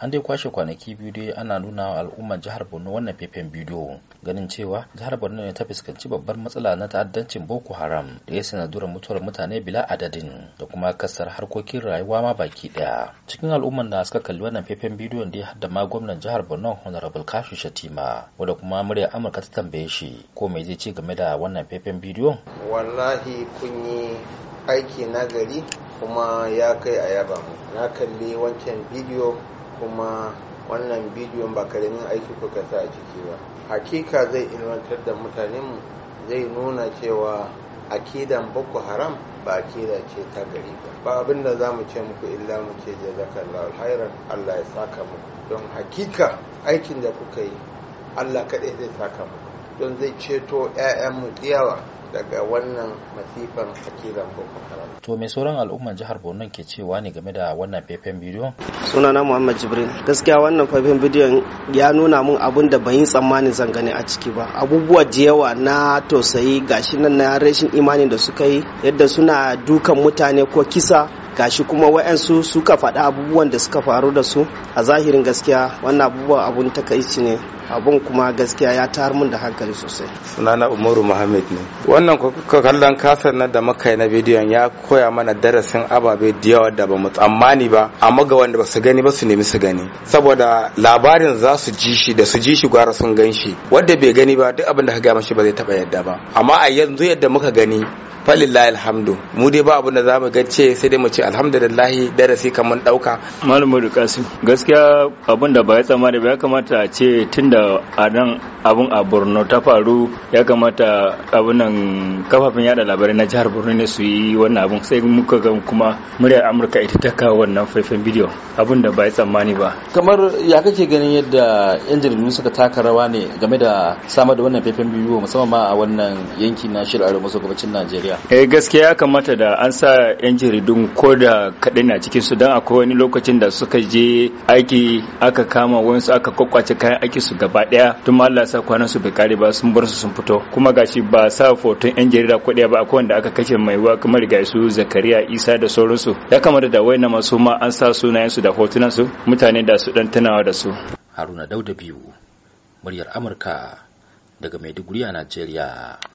an dai kwashe kwanaki biyu dai ana nuna wa al'ummar jihar borno wannan faifan bidiyo ganin cewa jihar borno ne ta fuskanci babbar matsala na ta'addancin boko haram da ya sanadura mutuwar mutane bila adadin da kuma kasar harkokin rayuwa ma baki daya cikin al'ummar da suka kalli wannan faifan bidiyo dai har da ma gwamnan jihar borno honorable kashi shatima wanda kuma murya amurka ta tambaye shi ko me zai ce game da wannan faifan bidiyo? wallahi kun yi aiki na gari kuma ya kai a yaba mu na kalli wancan bidiyo kuma wannan bidiyon ba karamin aiki kuka sa a ciki ba hakika zai ilmantar da mutanenmu zai nuna cewa akidan boko haram ba akida ce ta gari ba ba abin da za mu ce muku illa mu ce zaka khairan Allah ya saka muku don hakika aikin da kuka yi Allah kaɗai zai saka muku don zai ceto 'ya'yanmu diyawa daga wannan masifan hakilan boko haram to me sauran al'umman jihar borno ke cewa ne game da wannan faifan bidiyo sunana muhammad jibril gaskiya wannan faifan bidiyon ya nuna mun abun da ban yi tsammanin zan gani a ciki ba abubuwa da yawa na tausayi gashi nan na rashin imani da suka yi yadda suna dukan mutane ko kisa gashi kuma wa'yansu suka faɗa abubuwan da suka faru da su a zahirin gaskiya wannan abubuwan abun takaici ne abun kuma gaskiya ya tayar mun da hankali sosai sunana umaru muhammad ne wannan kallon kasar na da makai na bidiyon ya koya mana darasin ababe da yawa da bamu tsammani ba amma ga wanda basu gani ba su nemi su gani saboda labarin za su ji shi da su ji shi gwara sun gan shi wanda bai gani ba duk abin da ka gaya mashi ba zai taba yadda ba amma a yanzu yadda muka gani falillahi alhamdu mu dai ba abin da za mu gace sai dai mu ce alhamdulillahi darasi kamar dauka da kasu gaskiya abin da ba ya tsammani ba ya kamata a ce tunda a nan abun a borno ta faru ya kamata abunan kafafen yada labarai na jihar borno ne su yi wannan abun sai muka ga kuma muryar amurka ita ta kawo wannan faifan bidiyo abun da ba ya tsammani ba kamar ya kake ganin yadda yan jaridu suka taka rawa ne game da samar da wannan faifan bidiyo musamman ma a wannan yanki na shirin arewa maso gabacin najeriya eh gaskiya ya kamata da an sa yan jaridun ko da kaɗai na cikin su don akwai wani lokacin da suka je aiki aka kama su aka kwakwace kayan aiki su gaba ɗaya tun Allah sa kwanan su bai kare ba sun bar su sun fito kuma gashi ba sa foton yan jarida kuɗi ba akwai wanda aka kashe mai wa kamar ga su zakariya isa da sauransu ya kamata da wayannan masu ma an sa sunayen su da hotunan su mutane da su dan tunawa da su haruna dauda biyu muryar amurka daga maiduguri a najeriya